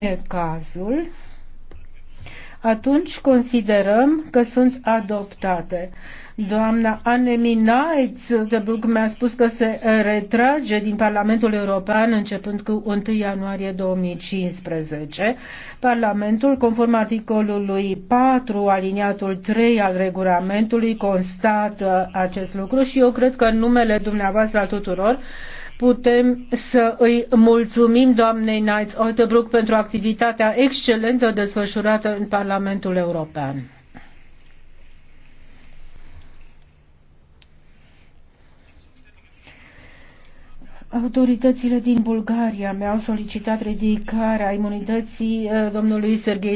e cazul, atunci considerăm că sunt adoptate. Doamna Anemi de Buc mi-a spus că se retrage din Parlamentul European începând cu 1 ianuarie 2015. Parlamentul, conform articolului 4, aliniatul 3 al regulamentului, constată acest lucru și eu cred că în numele dumneavoastră al tuturor putem să îi mulțumim doamnei Knights Ottebrook pentru activitatea excelentă desfășurată în Parlamentul European. Autoritățile din Bulgaria mi-au solicitat ridicarea imunității eh, domnului Serghei